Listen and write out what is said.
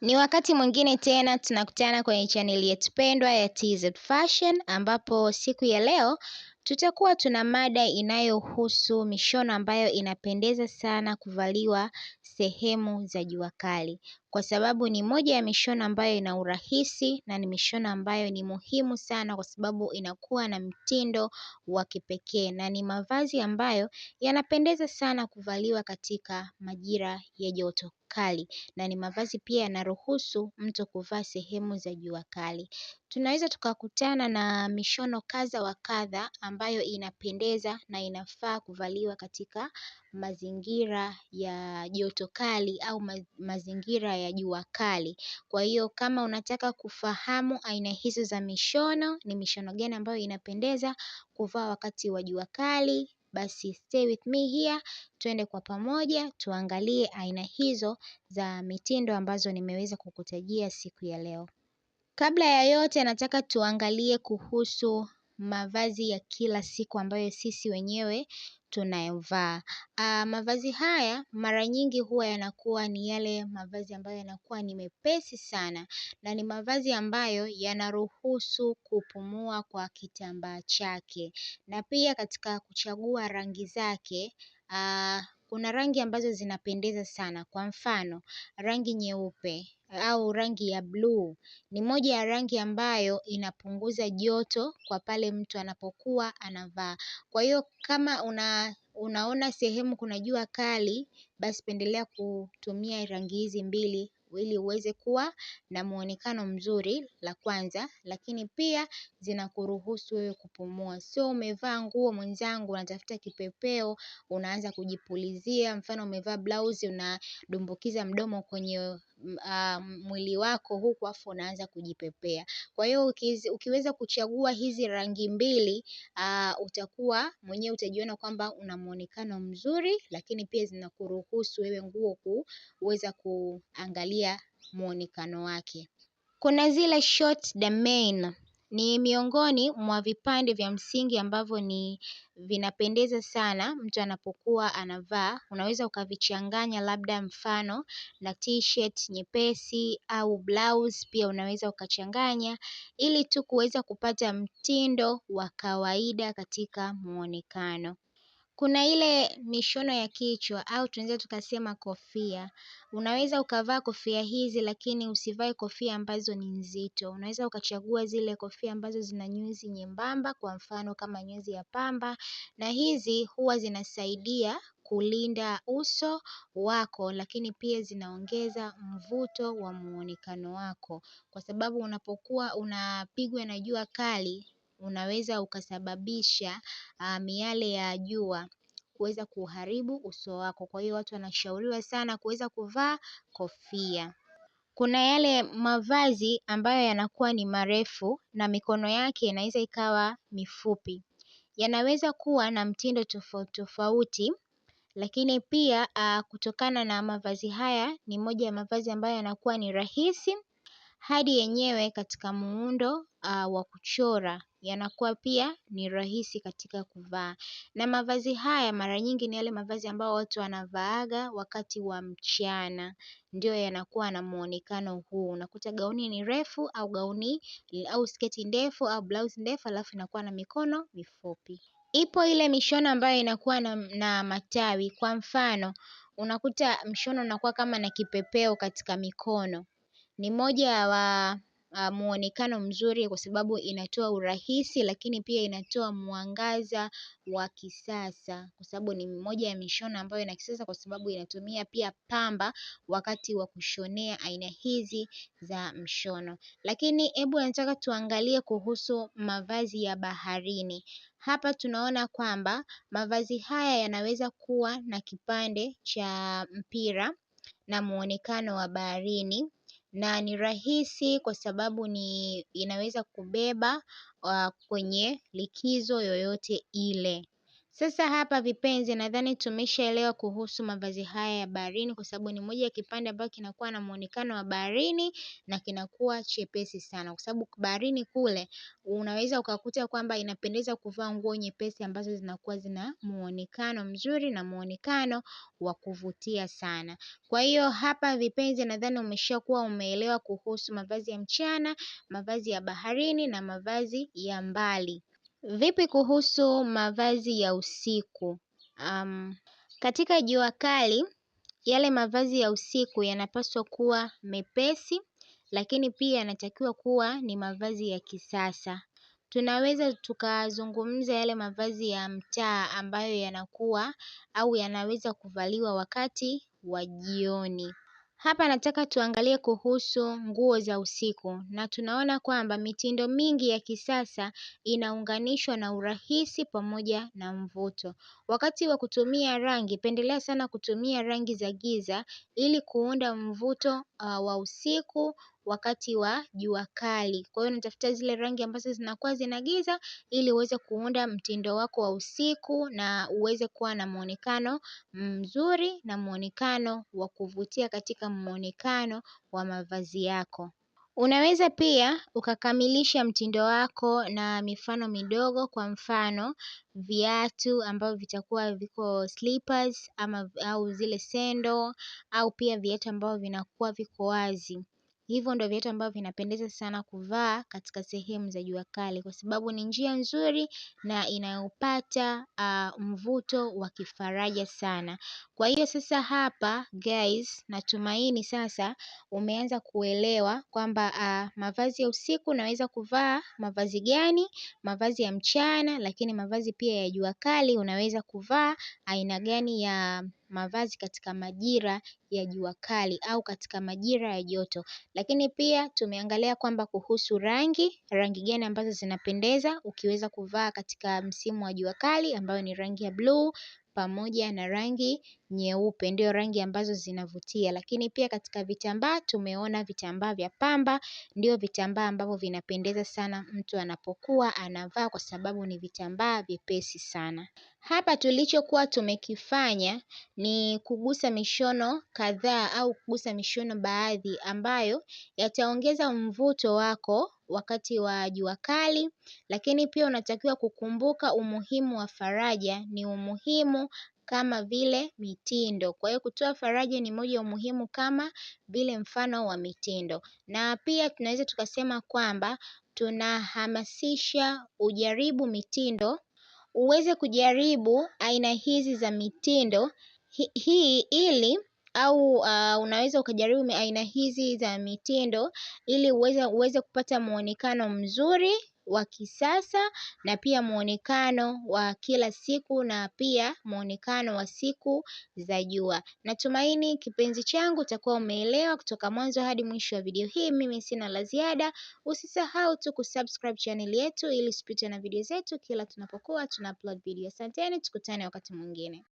Ni wakati mwingine tena tunakutana kwenye chaneli yetu pendwa ya TZ Fashion ambapo siku ya leo tutakuwa tuna mada inayohusu mishono ambayo inapendeza sana kuvaliwa sehemu za jua kali, kwa sababu ni moja ya mishono ambayo ina urahisi na ni mishono ambayo ni muhimu sana kwa sababu inakuwa na mtindo wa kipekee na ni mavazi ambayo yanapendeza sana kuvaliwa katika majira ya joto kali na ni mavazi pia yanaruhusu mtu kuvaa sehemu za jua kali. Tunaweza tukakutana na mishono kadha wa kadha ambayo inapendeza na inafaa kuvaliwa katika mazingira ya joto kali au mazingira ya jua kali. Kwa hiyo kama unataka kufahamu aina hizo za mishono ni mishono gani ambayo inapendeza kuvaa wakati wa jua kali basi stay with me here, twende kwa pamoja tuangalie aina hizo za mitindo ambazo nimeweza kukutajia siku ya leo. Kabla ya yote nataka tuangalie kuhusu mavazi ya kila siku ambayo sisi wenyewe tunayovaa. Ah, mavazi haya mara nyingi huwa yanakuwa ni yale mavazi ambayo yanakuwa ni mepesi sana na ni mavazi ambayo yanaruhusu kupumua kwa kitambaa chake. Na pia katika kuchagua rangi zake, ah, kuna rangi ambazo zinapendeza sana kwa mfano, rangi nyeupe au rangi ya bluu ni moja ya rangi ambayo inapunguza joto kwa pale mtu anapokuwa anavaa. Kwa hiyo kama una unaona sehemu kuna jua kali basi pendelea kutumia rangi hizi mbili ili uweze kuwa na muonekano mzuri la kwanza lakini pia zinakuruhusu wewe kupumua. Sio umevaa nguo mwenzangu unatafuta kipepeo unaanza kujipulizia mfano umevaa blauzi unadumbukiza mdomo kwenye Ah, mwili wako huku afu unaanza kujipepea. Kwa hiyo ukiweza kuchagua hizi rangi mbili ah, utakuwa mwenyewe utajiona kwamba una muonekano mzuri, lakini pia zinakuruhusu wewe nguo kuweza kuangalia muonekano wake. Kuna zile short domain. Ni miongoni mwa vipande vya msingi ambavyo ni vinapendeza sana mtu anapokuwa anavaa unaweza ukavichanganya labda mfano na t-shirt nyepesi au blouse pia unaweza ukachanganya ili tu kuweza kupata mtindo wa kawaida katika muonekano. Kuna ile mishono ya kichwa au tunaweza tukasema kofia. Unaweza ukavaa kofia hizi lakini usivae kofia ambazo ni nzito. Unaweza ukachagua zile kofia ambazo zina nyuzi nyembamba kwa mfano kama nyuzi ya pamba na hizi huwa zinasaidia kulinda uso wako lakini pia zinaongeza mvuto wa muonekano wako kwa sababu unapokuwa unapigwa na jua kali unaweza ukasababisha miale ya jua kuweza kuharibu uso wako. Kwa hiyo watu wanashauriwa sana kuweza kuvaa kofia. Kuna yale mavazi ambayo yanakuwa ni marefu na mikono yake inaweza ikawa mifupi. Yanaweza kuwa na mtindo tofauti tofauti lakini pia kutokana na mavazi haya ni moja ya mavazi ambayo yanakuwa ni rahisi hadi yenyewe katika muundo wa kuchora yanakuwa pia ni rahisi katika kuvaa. Na mavazi haya mara nyingi ni yale mavazi ambayo watu wanavaaga wakati wa mchana ndio yanakuwa na muonekano huu. Unakuta gauni ni refu au gauni au sketi ndefu au blausi ndefu alafu inakuwa na mikono mifupi. Ipo ile mishono ambayo inakuwa na matawi kwa mfano unakuta mshono unakuwa kama na kipepeo katika mikono. Ni moja wa Uh, muonekano mzuri kwa sababu inatoa urahisi lakini pia inatoa mwangaza wa kisasa kwa sababu ni moja ya mishono ambayo ina kisasa kwa sababu inatumia pia pamba wakati wa kushonea aina hizi za mshono. Lakini hebu nataka tuangalie kuhusu mavazi ya baharini. Hapa tunaona kwamba mavazi haya yanaweza kuwa na kipande cha mpira na muonekano wa baharini na ni rahisi kwa sababu ni inaweza kubeba ah, kwenye likizo yoyote ile. Sasa hapa vipenzi nadhani tumeshaelewa kuhusu mavazi haya ya baharini kwa sababu ni moja ya kipande ambacho kinakuwa na muonekano wa baharini na kinakuwa chepesi sana kwa sababu baharini kule unaweza ukakuta kwamba inapendeza kuvaa nguo nyepesi ambazo zinakuwa zina muonekano mzuri na muonekano wa kuvutia sana. Kwa hiyo hapa vipenzi nadhani umeshakuwa umeelewa kuhusu mavazi ya mchana, mavazi ya baharini na mavazi ya mbali. Vipi kuhusu mavazi ya usiku? Um, katika jua kali, yale mavazi ya usiku yanapaswa kuwa mepesi, lakini pia yanatakiwa kuwa ni mavazi ya kisasa. Tunaweza tukazungumza yale mavazi ya mtaa ambayo yanakuwa au yanaweza kuvaliwa wakati wa jioni. Hapa nataka tuangalie kuhusu nguo za usiku na tunaona kwamba mitindo mingi ya kisasa inaunganishwa na urahisi pamoja na mvuto. Wakati wa kutumia rangi pendelea sana kutumia rangi za giza ili kuunda mvuto. Ah, wa usiku wakati wa jua kali. Kwa hiyo natafuta zile rangi ambazo zinakuwa zina giza ili uweze kuunda mtindo wako wa usiku na uweze kuwa na muonekano mzuri na muonekano wa kuvutia katika muonekano wa mavazi yako. Unaweza pia ukakamilisha mtindo wako na mifano midogo kwa mfano viatu ambavyo vitakuwa viko slippers ama au zile sendo au pia viatu ambavyo vinakuwa viko wazi. Hivyo ndo viatu ambavyo vinapendeza sana kuvaa katika sehemu za jua kali kwa sababu ni njia nzuri na inayopata mvuto wa kifaraja sana. Kwa hiyo sasa hapa guys natumaini sasa umeanza kuelewa kwamba mavazi ya usiku unaweza kuvaa mavazi gani, mavazi ya mchana lakini mavazi pia ya jua kali unaweza kuvaa aina gani ya mavazi katika majira ya jua kali au katika majira ya joto. Lakini pia tumeangalia kwamba kuhusu rangi, rangi gani ambazo zinapendeza ukiweza kuvaa katika msimu wa jua kali ambayo ni rangi ya bluu pamoja na rangi nyeupe ndio rangi ambazo zinavutia lakini pia katika vitambaa tumeona vitambaa vya pamba ndio vitambaa ambavyo vinapendeza sana mtu anapokuwa anavaa kwa sababu ni vitambaa vyepesi sana. Hapa tulichokuwa tumekifanya ni kugusa mishono kadhaa au kugusa mishono baadhi ambayo yataongeza mvuto wako wakati wa jua kali lakini pia unatakiwa kukumbuka umuhimu wa faraja ni umuhimu kama vile mitindo. Kwa hiyo kutoa faraja ni moja umuhimu kama vile mfano wa mitindo. Na pia tunaweza tukasema kwamba tunahamasisha ujaribu mitindo, uweze kujaribu aina hizi za mitindo hii ili au uh, unaweza ukajaribu aina hizi za mitindo ili uweze kupata muonekano mzuri wa kisasa na pia muonekano wa kila siku na pia muonekano wa siku za jua. Natumaini kipenzi changu utakuwa umeelewa kutoka mwanzo hadi mwisho wa video hii. Mimi sina la ziada, usisahau tu kusubscribe channel yetu ili usipitwe na video zetu kila tunapokuwa tuna upload video. Asanteni, tukutane wakati mwingine.